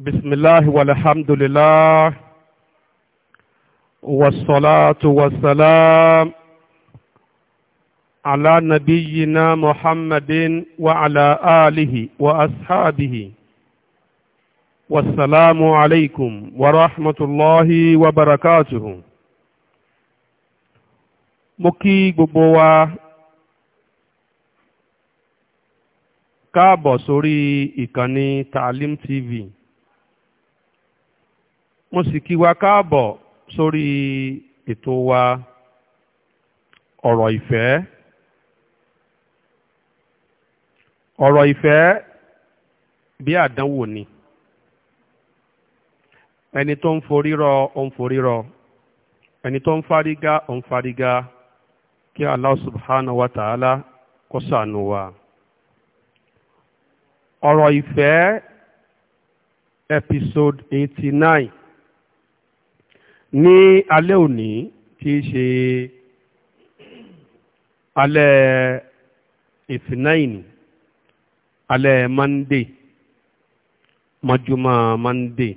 بسم الله والحمد لله والصلاة والسلام على نبينا محمد وعلى آله وأصحابه والسلام عليكم ورحمة الله وبركاته مكي ببوا káàbọ̀ sórí ìkànnì Taalim TV mo sì kí wa káàbọ̀ sórí ètò wa ọ̀rọ̀ ìfẹ́ ọ̀rọ̀ ìfẹ́ bí àdánwò ni ẹni tó ń forírọ ó ń forírọ ẹni tó ń fárígá ó ń fárígá kí Allah subhanahu wa ta'ala kó ṣàánú wa ọ̀rọ̀ ìfẹ́ episode eighty nine ní alẹ́ òní tí í ṣe alẹ́ ìfìnáìní alẹ́ mande mọ́júmọ́ mande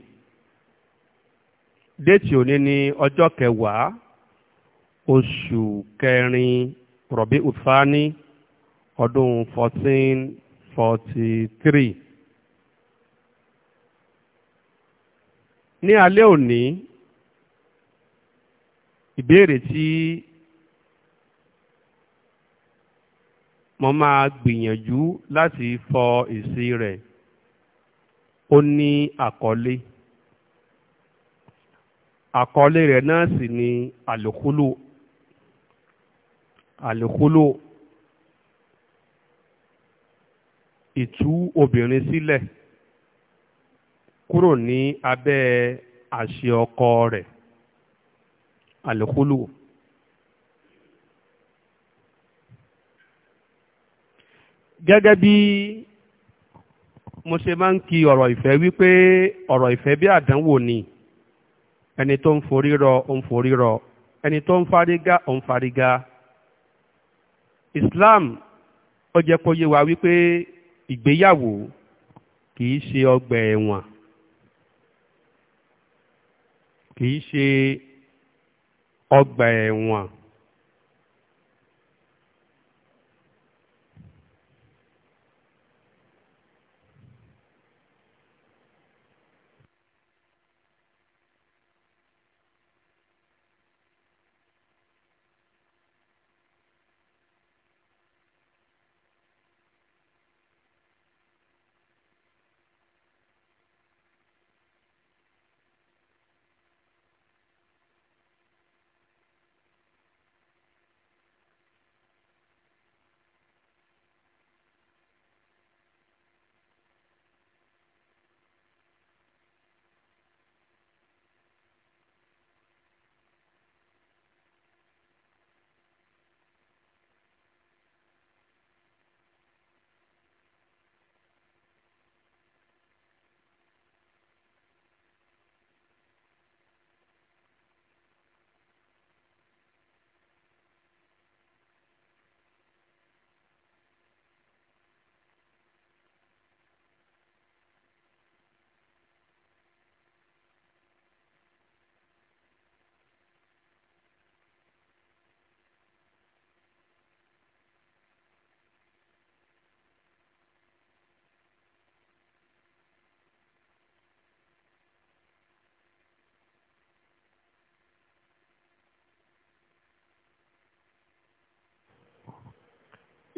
déètì òní ní ọjọ́ kẹwàá oṣù kẹrin rọ̀bí ufani ọdún 1443 ní alẹ́ òní ìbéèrè tí mo máa gbìyànjú láti fọ èsì rẹ̀ ó ní àkọlé àkọlé rẹ̀ náà sì ni àlòkúlò àlòkúlò ìtú obìnrin sílẹ̀ kúrò ní abẹ́ àṣẹ ọkọ rẹ̀ الخلو gẹ́gẹ́ bí mo ṣe máa ń kí ọ̀rọ̀ ìfẹ́ wípé ọ̀rọ̀ ìfẹ́ bí àdánwò ni ẹni tó ń forí rọ ó ń forí rọ ẹni tó ń fárígá ń fárígá Islam ó jẹ́ kó yé wa wípé ìgbéyàwó kì í ṣe ọgbà ẹ̀wọ̀n kì í ṣe ọgbà ẹ̀wọ̀n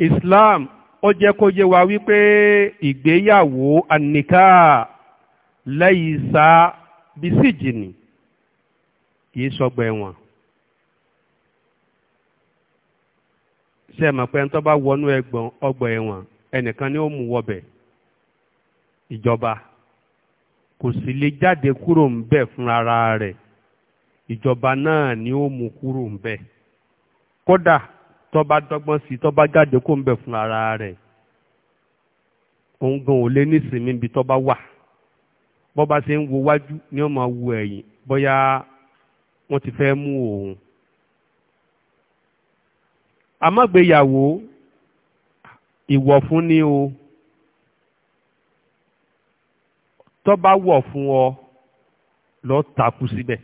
Islam ó jẹ́ kó yé wa wípé ìgbéyàwó àníká lẹ́yìn sá bísíjìnì kì í sọgbà ẹ̀wọ̀n. ṣe ẹ mọ̀ pé ẹni tó bá wọnú ẹgbọ̀n ọgbà ẹ̀wọ̀n ẹnìkan ni ó mú wọbẹ̀ ìjọba kò sì lè jáde kúrò ń bẹ̀ fúnra rẹ̀ ìjọba náà ni ó mú kúrò ń bẹ̀ kódà tó bá dọ́gbọ́n sí tó bá jáde kó ń bẹ̀ fún ara rẹ̀ òun gan ò lé nísìnyí ibi tó bá wà bó bá ṣe ń wo wájú ni ó máa wo ẹ̀yìn bóyá wọ́n ti fẹ́ mú òun. àmọ́gbéyàwó ìwọ̀ fún ni o tó bá wọ̀ fún ọ lọ takú síbẹ̀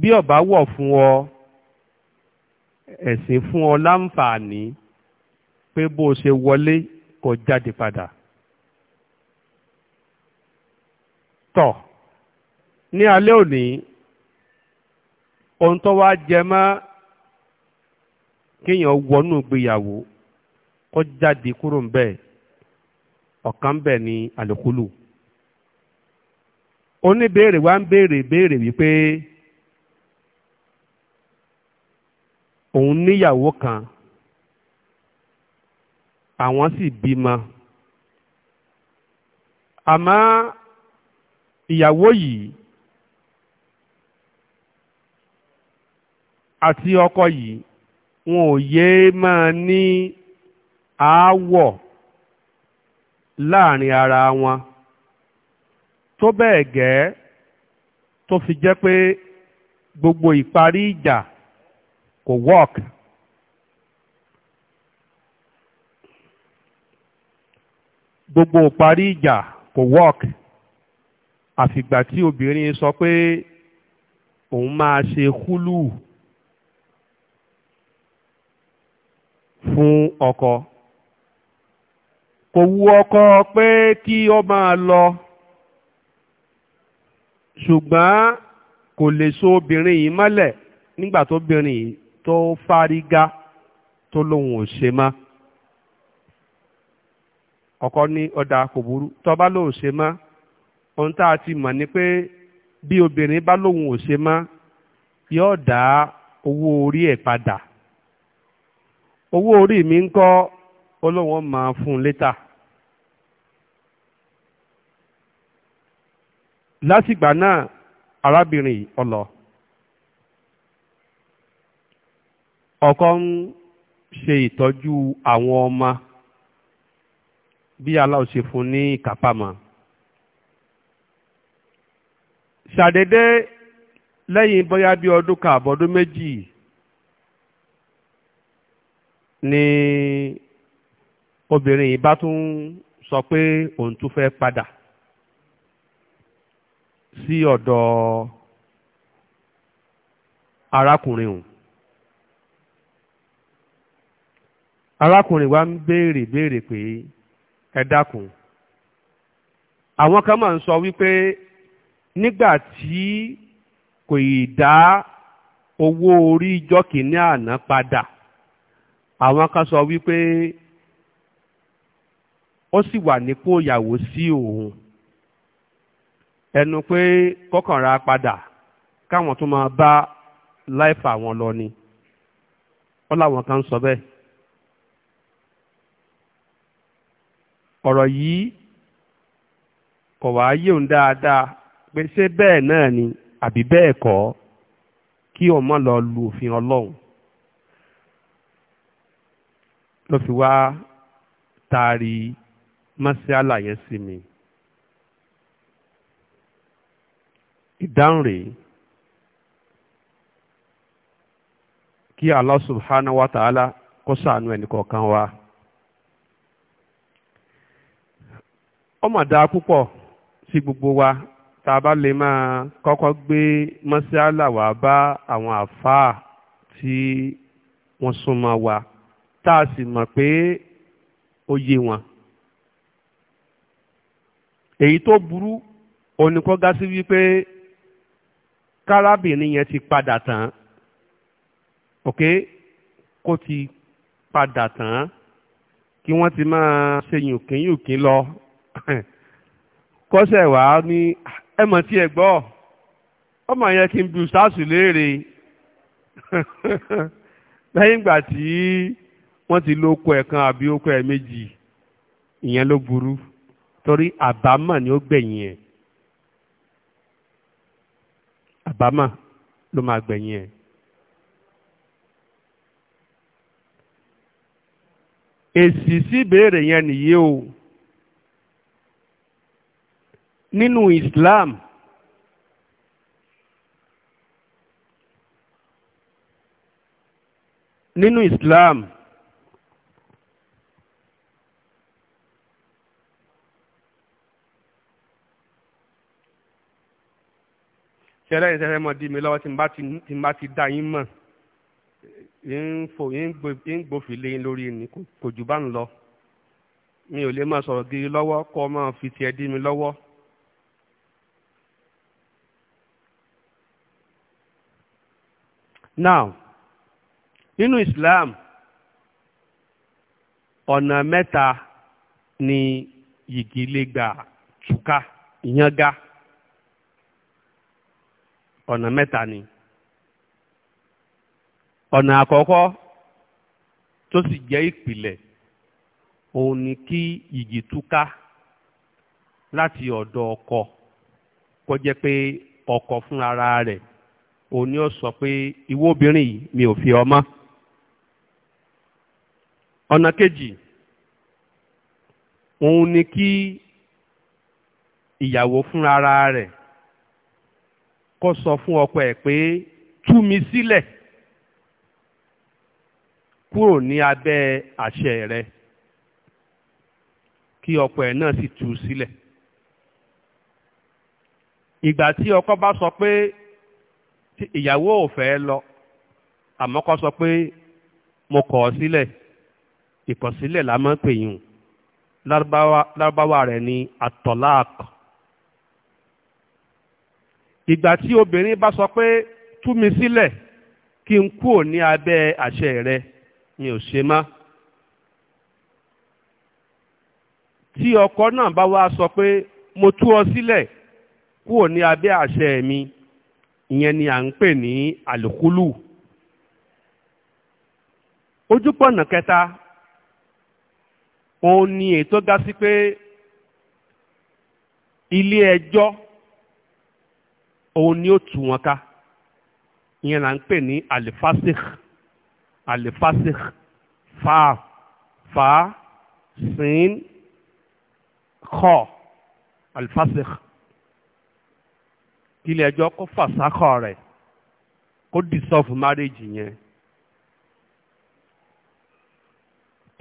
bí ó wọ̀ fún ọ ẹ̀sìn fún ọ láǹfààní pé bó o ṣe wọlé kó jáde padà. tọ̀ ní alẹ́ òní ohun tó wá jẹ mọ́ kéèyàn wọnú ìgbéyàwó kó jáde kúrò ń bẹ̀ ọ̀kan bẹ̀ ni àlòkúlù oníbèrè wa ń béèrè béèrè wípé. òun níyàwó kan àwọn sì bímọ àmọ́ ìyàwó yìí àti ọkọ yìí wọn ò yéé máa ní aáwọ̀ láàrin ara wọn tó bẹ́ẹ̀ gẹ́ tó fi jẹ́ pé gbogbo ìparí ìjà kò work. gbogbo ìparí ìjà kò work àfìgbà tí obìnrin sọ pé òun máa ṣe húlù fún ọkọ kò wu ọkọ pé kí ó máa lọ ṣùgbọ́n kò lè so obìnrin yìí mọ́lẹ̀ nígbà tó obìnrin yìí tó fárígá tó lóhun ò ṣe mọ́ ọkọ ní ọ̀dà kò burú tó bá lóun ṣe mọ́ ohun tá a ti mọ̀ ni pé bí obìnrin bá lóhun ò ṣe mọ́ yóò dá owó orí ẹ padà owó orí mi ń kọ́ olóhùn máa fún un létà. lásìgbà náà arábìnrin ọlọ́ọ̀ ọkọ ń ṣe ìtọ́jú àwọn ọmọ bí aláwọ̀ ṣe fún ní ìkápámọ́ ṣàdédé lẹ́yìn bóyá bí ọdún kan méjì ni obìnrin yìí bá tún sọ pé òun tún fẹ́ padà sí ọ̀dọ̀ arákùnrin òun arákùnrin wa ń béèrè béèrè pé ẹ dákun àwọn kan máa ń sọ wípé nígbà tí kò ì dá owó orí ijọ́ kìíní àná padà àwọn kan sọ wípé ó sì wà nípò ìyàwó sí òun ẹnu pé kọ́kànra padà káwọn tó máa bá láìfà wọn lọ ni ó láwọn kan sọ bẹ́ẹ̀. ọ̀rọ̀ yìí kò wá yé òun dáadáa pé ṣé bẹ́ẹ̀ náà ni àbí bẹ́ẹ̀ kọ́ kí òun má lọ lu òfin ọlọ́run ló fi wá taari mọ́síálà yẹn sí mi. ìdáhùn rèé kí Allah subhanahu wa ta'ala kó ṣàánú ẹnì kọ̀ọ̀kan wa. ọmọ dáa púpọ̀ sí gbogbo wa tá a bá lè máa kọ́kọ́ gbé mọ́sálà wá bá àwọn àfáà tí wọ́n súnmọ́ wa tá a sì mọ̀ pé ó yé wọn. èyí tó burú oníkọ́ gá sí wípé kárábìnrin yẹn ti padà tán ok kó ti padà tán kí wọ́n ti máa ṣe yùnkínyùnkín lọ kọ́sẹ̀ wá ní ẹmọ̀ tí ẹ gbọ́ ọmọ yẹn kí n bí ṣáàsù léèrè lẹ́yìn ìgbà tí wọ́n ti lo oko ẹ̀ kan àbí oko ẹ̀ méjì ìyẹn ló burú torí àbámà ni ó gbẹ̀yìn ẹ̀ àbámà ló máa gbẹ̀yìn ẹ̀. èsì sí ìbéèrè yẹn nìyí o. nínú Islam nínú Islam ṣẹlẹ̀ ìṣẹ̀lẹ̀ mọ̀ di mi lọ́wọ́ tí n bá ti dá yín mọ̀ ń gbòfin lé lórí ni kò jù bá ń lọ mi ò lè máa sọ̀rọ̀ gírí lọ́wọ́ kó o fi tiẹ̀ dí mi lọ́wọ́. now nínú Islam ọ̀nà mẹ́ta ni yìgì lè gbà túká ìyánga ọ̀nà mẹ́ta ni ọ̀nà àkọ́kọ́ tó sì jẹ́ ìpìlẹ̀ òun ni kí yìgì túká láti ọ̀dọ̀ ọkọ kó jẹ́ pé ọkọ fúnra rẹ̀ òun ni ó sọ pé ìwọ obìnrin yìí mi ò fi ọmọ ọ̀nà kejì òun ni kí ìyàwó fúnra rẹ̀ kó sọ fún ọkọ ẹ̀ pé tú mi sílẹ̀ kúrò ní abẹ́ àṣẹ rẹ. kí ọkọ ẹ̀ náà sì tú sílẹ̀ ìgbà tí ọkọ bá sọ pé ìyàwó ò fẹ́ lọ àmọ́ kó sọ pé mo kọ̀ ọ́ sílẹ̀ ìkọ̀sílẹ̀ la máa ń pè yùn lárúbáwá rẹ̀ ni atọ́láàk ìgbà tí obìnrin bá sọ pé tú mi sílẹ̀ kí n kúò ní abẹ́ àṣẹ rẹ mi ò ṣe má tí ọkọ náà bá wá sọ pé mo tú ọ sílẹ̀ kúò ní abẹ́ àṣẹ mi ìyẹn ni à ń pè ní àlùkùlù ojúpọ̀nà kẹta òun ni ètò ga sí pé ilé ẹjọ́ òun ni ó tù wọn ká ìyẹn là ń pè ní alifasik alifasik fa fa sin kọ alifasik. kílẹ̀ ẹjọ́ kó fàsákọ̀ rẹ̀ kó dissolve marriage yẹn.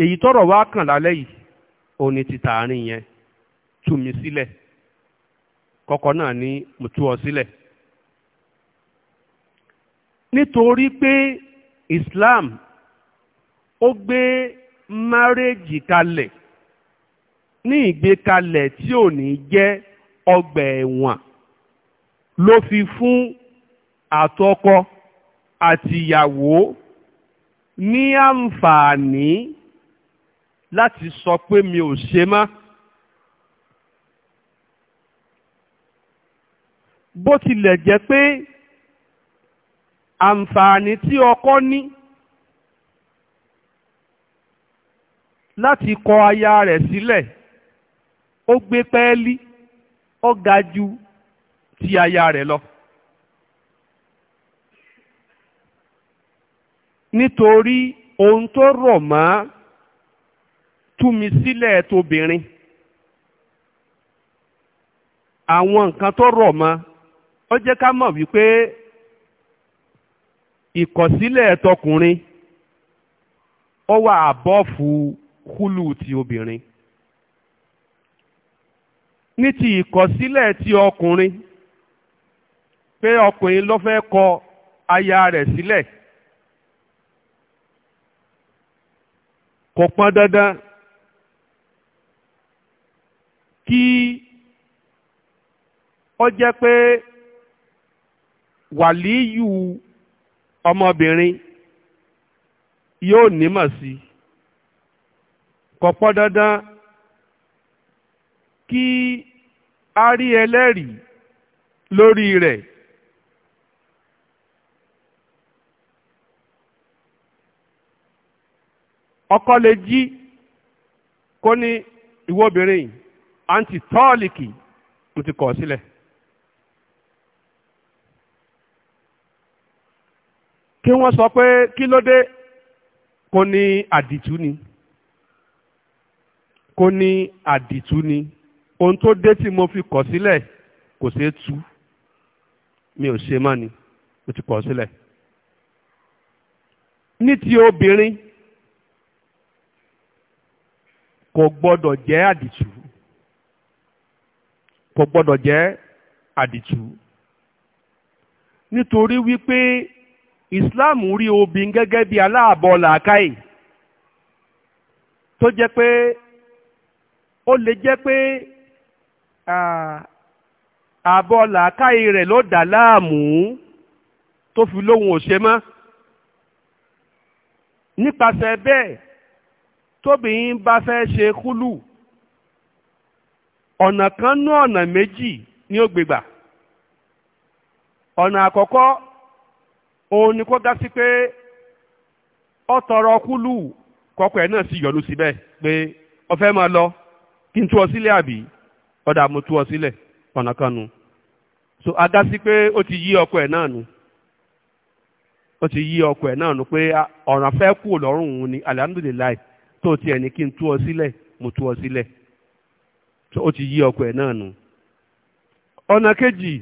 èyí tọrọ wá kàn lálẹ́ yìí òun ni ti tààrin yẹn tú mi sílẹ̀ kọ́kọ́ náà ni mo tú ọ sílẹ̀. nítorí pé Islam ó gbé márèjì kalẹ̀ ní ìgbé kalẹ̀ tí ò ní jẹ́ ọgbà ẹ̀wọ̀n. ló fi fún àtọkọ àtìyàwó ní àǹfààní láti sọ pé mi ò ṣe mọ́. bó tilẹ̀ jẹ́ pé àǹfààní tí ọkọ ní láti kọ aya rẹ̀ sílẹ̀ ó gbé pẹ́ẹ́lí ó ga ju ti aya rẹ̀ lọ. nítorí ohun tó rọ̀ mọ́ túmi sílẹ̀ tóbìnrin àwọn nǹkan tó rọ̀ mọ́ ó jẹ́ ká mọ̀ wípé ìkọ̀sílẹ̀ tọkùnrin ó wà àbọ́ọ̀fù húlù ti obìnrin ní ti ìkọ̀sílẹ̀ ti ọkùnrin pé ọkùnrin ló fẹ́ kọ aya rẹ̀ sílẹ̀ kò pọn dandan kí ó jẹ́ pé wàlíyù ọmọbìnrin yóò nímọ̀ sí kò pọn dandan kí a rí ẹlẹ́rìí lórí rẹ̀ ọkọ lè jí kó ní ìwọ obìnrin yìí àǹtí tọ́ọ̀lìkì mo ti kọ̀ sílẹ̀. kí wọ́n sọ pé kí ló dé kó ní àdìtú ni kó ní àdìtú ni ohun tó dé tí mo fi kọ̀ sílẹ̀ kò ṣeé tú mi ò ṣe mọ́ ni mo ti kọ̀ sílẹ̀. ní ti obìnrin kò gbọ́dọ̀ jẹ́ àdìtú kò gbọ́dọ̀ jẹ́ àdìtú nítorí wípé Islam rí obìnrin gẹ́gẹ́ bí aláàbọ̀ làákàyè tó jẹ́ pé ó lè jẹ́ pé àbọ̀ làákàyè rẹ̀ ló dà láàmú tó fi lóhun ò ṣe mọ́ nípasẹ̀ bẹ́ẹ̀ tóbìnrin bá fẹ́ ṣe kúlù ọ̀nà kan nú ọ̀nà méjì ni ó gbégbà ọ̀nà àkọ́kọ́ òun ni kó dá sí pé ọ tọrọ kúlù kọkọ ẹ̀ náà sì yọ̀nú síbẹ̀ pé ọ fẹ́ máa lọ kí n tú ọ sílẹ̀ àbí ọ̀dà mo tú ọ sílẹ̀ ọ̀nà kan nu so aga sí pé ó ti yí ọkọ ẹ náà nu ó ti yí ọkọ ẹ náà nu pé ọ̀ràn fẹ́ kú lọ́rùn òun ni alihamudulilayi tó tiẹ̀ ní kí n tú ọ sílẹ̀ mo tú ọ sílẹ̀ ó ti yí ọkọ ẹ̀ náà nù. ọ̀nà kejì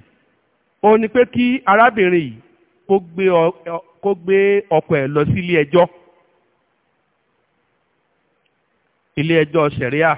ó ní pé kí arábìnrin yìí kó gbé ọkọ ẹ̀ lọ sí ilé ẹjọ́ ilé ẹjọ́ sẹ̀ríà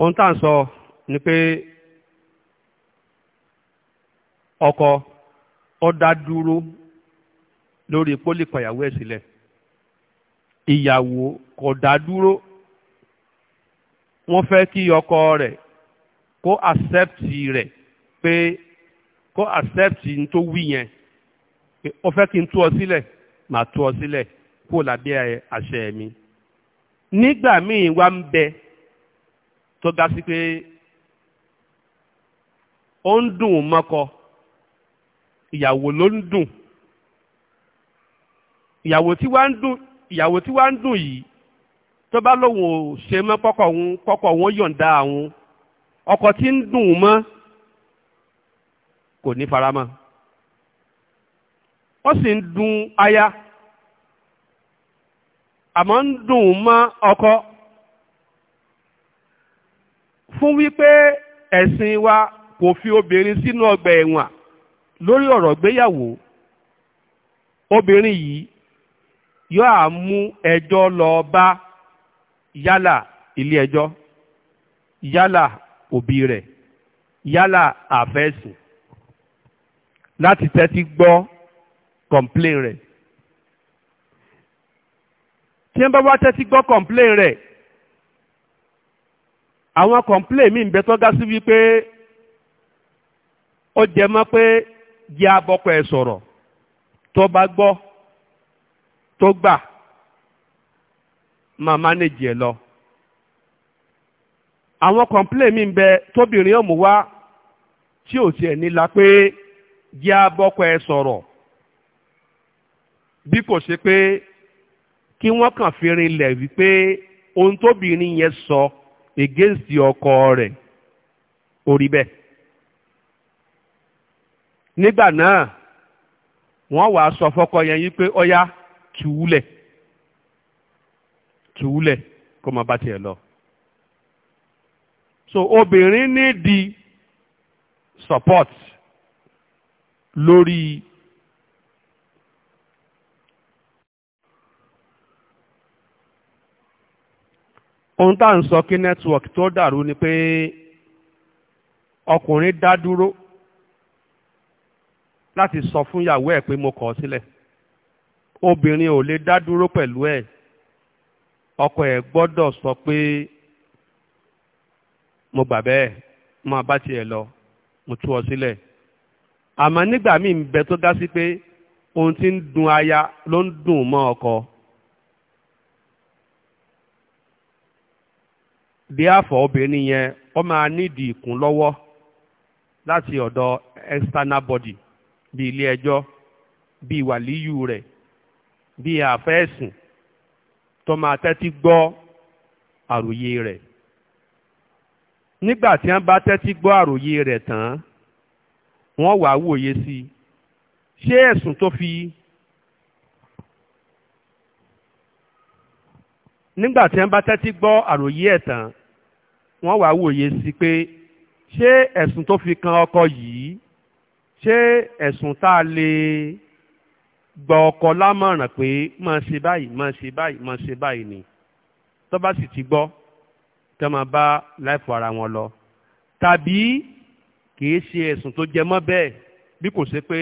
ohun tá à ń sọ ni pé ọkọ ó dá dúró lórí pólìpàyàwó ẹ̀ sílẹ̀ ìyàwó kò dá dúró wọ́n fẹ́ kí ọkọ rẹ̀ kó accept rẹ̀ pé kó accept n tó wí yẹn ó fẹ́ kí n tú ọ sílẹ̀ màá tú ọ sílẹ̀ kó lábẹ́ àṣẹ mi nígbà míì wá ń bẹ tó ga sí pé ó ń dùn mọ́kọ ìyàwó ló ń dùn ìyàwó tí wá ń dùn ìyàwó tí wá ń dùn yìí tó bá lóun ò ṣe mọ́ kọ́kọ́ òun kọ́kọ́ òun yọ̀ǹda àwọn ọkọ tí ń dùn mọ́ kò ní faramọ́ ó sì ń dùn aya àmọ́ ń dùn mọ́ ọkọ fún wípé ẹ̀sìn wa kò fi obìnrin sínú ọgbà ẹ̀wọ̀n lórí ọ̀rọ̀ gbéyàwó obìnrin yìí yóò á mú ẹjọ́ lọ bá yálà ilé ẹjọ́ yálà òbí rẹ̀ yálà àfẹ́sùn láti tẹ́tí gbọ́ kọ̀m̀plé rẹ̀ tí wọ́n bá wá tẹ́tí gbọ́ kọ̀m̀plé rẹ̀ àwọn kọ̀ǹplé mi ń bẹ sí wípé ó jẹ mọ́ pé jẹ́ abọ́kọ ẹ̀ sọ̀rọ̀ tó bá gbọ́ gbà máa lọ. àwọn kọ̀ǹplé mi bẹ tóbìnrin ọ̀mù wá tí ò tiẹ̀ nílá pé jẹ́ abọ́kọ ẹ̀ sọ̀rọ̀ bí kò ṣe pé kí wọ́n kàn fi wípé ohun tóbìnrin yẹn sọ. against ọkọ rẹ̀ orí bẹ́ẹ̀ nígbà náà wọ́n wàá sọ fọ́kọ yẹn yín pé ọyá tùúlẹ̀ tùúlẹ̀ kó má bá tiẹ̀ lọ so obìnrin ní di support lórí ohun tá à ń sọ kí network tó dàrú ni pé ọkùnrin dá dúró láti sọ fún ìyàwó ẹ̀ pé mo kọ̀ ọ́ sílẹ̀ obìnrin ò lè dá dúró pẹ̀lú ẹ̀ ọkọ ẹ̀ gbọ́dọ̀ sọ pé mo gbà bẹ́ẹ̀ máa bá tiẹ̀ lọ mo tú ọ sílẹ̀ àmọ́ nígbà míì ń bẹ tó dá sí pé ohun tí ń dun aya ló ń dùn mọ́ ọkọ. therefore obìnrin yẹn ó máa nídìí ìkúnlọ́wọ́ láti ọ̀dọ̀ external body bí ilé ẹjọ́ bí wàlíyù rẹ̀ bí àfẹ́ẹ̀sìn tó máa tẹ́tí gbọ́ àròyé rẹ̀ nígbà tí wọ́n bá tẹ́tí gbọ́ àròyé rẹ̀ tán wọ́n wàá wòye sí i ṣé ẹ̀sùn tó fi nígbà tí wọ́n bá tẹ́tí gbọ́ àròyé ẹ̀ tán wọ́n wàá wòye sí pé ṣé ẹ̀sùn tó fi kan ọkọ yìí ṣé ẹ̀sùn tá a lè gba ọkọ lámọ̀ràn pé máa ṣe báyìí máa ṣe báyìí máa ṣe báyìí ni tó bá sì ti gbọ́ tó máa bá láìpọ̀ ara wọn lọ tàbí kìí ṣe ẹ̀sùn tó jẹ mọ́ bẹ́ẹ̀ bí kò ṣe pé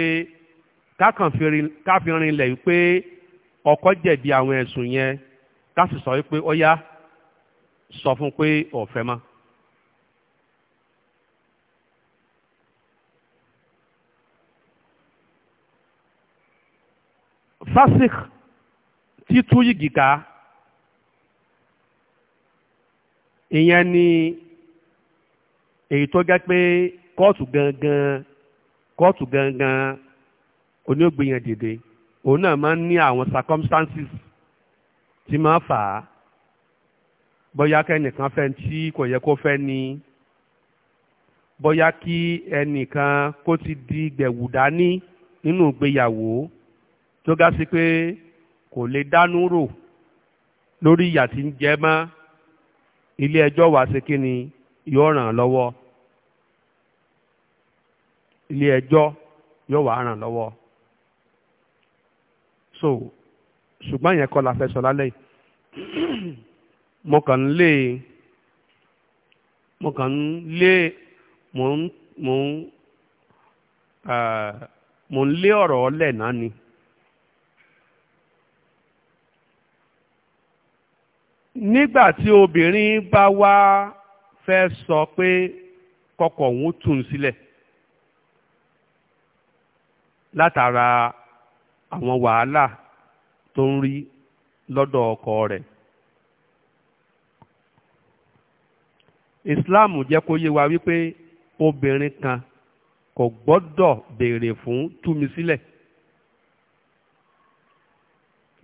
káfíń rinlẹ̀ wípé ọkọ jẹ̀bi àwọn ẹ̀sùn yẹn ká sì sọ wípé ó sọ fún pé ọ̀fẹ́ mọ́. sásìk títú yìgì ká ìyẹn ni èyí tó jẹ́ pé kóòtù gangan kóòtù gangan oníògbéyàn dìde òun náà máa ń ní àwọn circumstances tí máa fà á bóyá kẹ́nìkan fẹ́ tí kò yẹ kó fẹ́ ni bóyá kí ẹnìkan kó ti di gbẹ̀wù dání nínú ìgbéyàwó tó ga sí pé kò lè dánú rò lórí ìyà tí ń jẹ mọ́ ilé ẹjọ́ wá sí kí ni yóò ràn lọ́wọ́ ilé ẹjọ́ yóò wá ràn lọ́wọ́ so ṣùgbọ́n yẹn kọ́ la fẹ́ sọ lálẹ́ yìí mo kàn ń lé mo kàn ń lé mo ń mo ń lé ọ̀rọ̀ ọ̀lẹ̀ náà ni. nígbà tí obìnrin bá wá fẹ́ sọ pé kọkọ òun tún sílẹ̀ látara àwọn wàhálà tó ń rí lọ́dọ̀ ọkọ rẹ̀ Islam jẹ́ kó yé wa wípé obìnrin kan kò gbọ́dọ̀ béèrè fún túmi sílẹ̀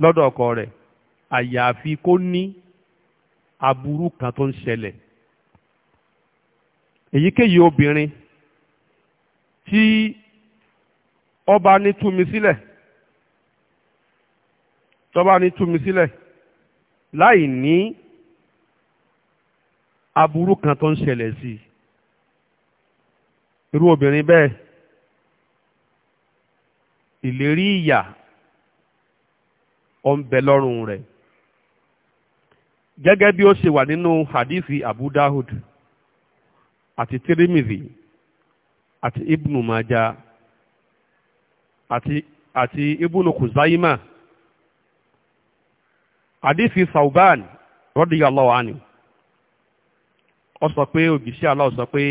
lọ́dọ̀ ọkọ rẹ̀ àyàfi kó ní aburú kan tó ń ṣẹlẹ̀ èyíkéyìí obìnrin tí ọba ní túmi sílẹ̀ tọ́ba ní túmi sílẹ̀ láì ní aburú kan tó ń ṣẹlẹ̀ sí i irú obìnrin bẹ́ẹ̀ ìlérí ìyà ó lọ́rùn rẹ̀ gẹ́gẹ́ bí ó ṣe wà nínú hadithi Abu Dahud àti Tirmidhi àti Ibnu Maja àti àti Ibnu Khuzaima hadithi Sauban radiyallahu anhu ó sọ pé ògìṣẹ́ Allah sọ pé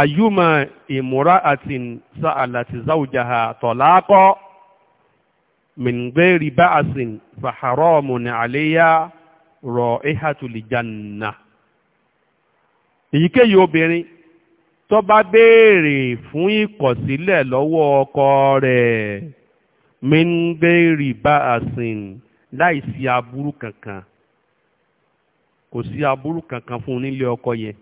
ayuma imura'atin sa'alati zawjaha talaqa min ghairi ba'sin fa haramun 'alayha rọ ihatul janna èyíkéyìí obìnrin tó bá béèrè fún ìkọ̀sílẹ̀ lọ́wọ́ ọkọ rẹ̀ mingeri baasin láì láìsí aburú kankan kò sí aburú kankan fún nílé ọkọ yẹn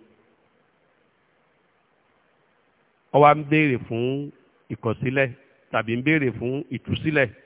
ó wá ń béèrè fún ìkọ̀sílẹ̀ tàbí ń béèrè fún ìtúsílẹ̀.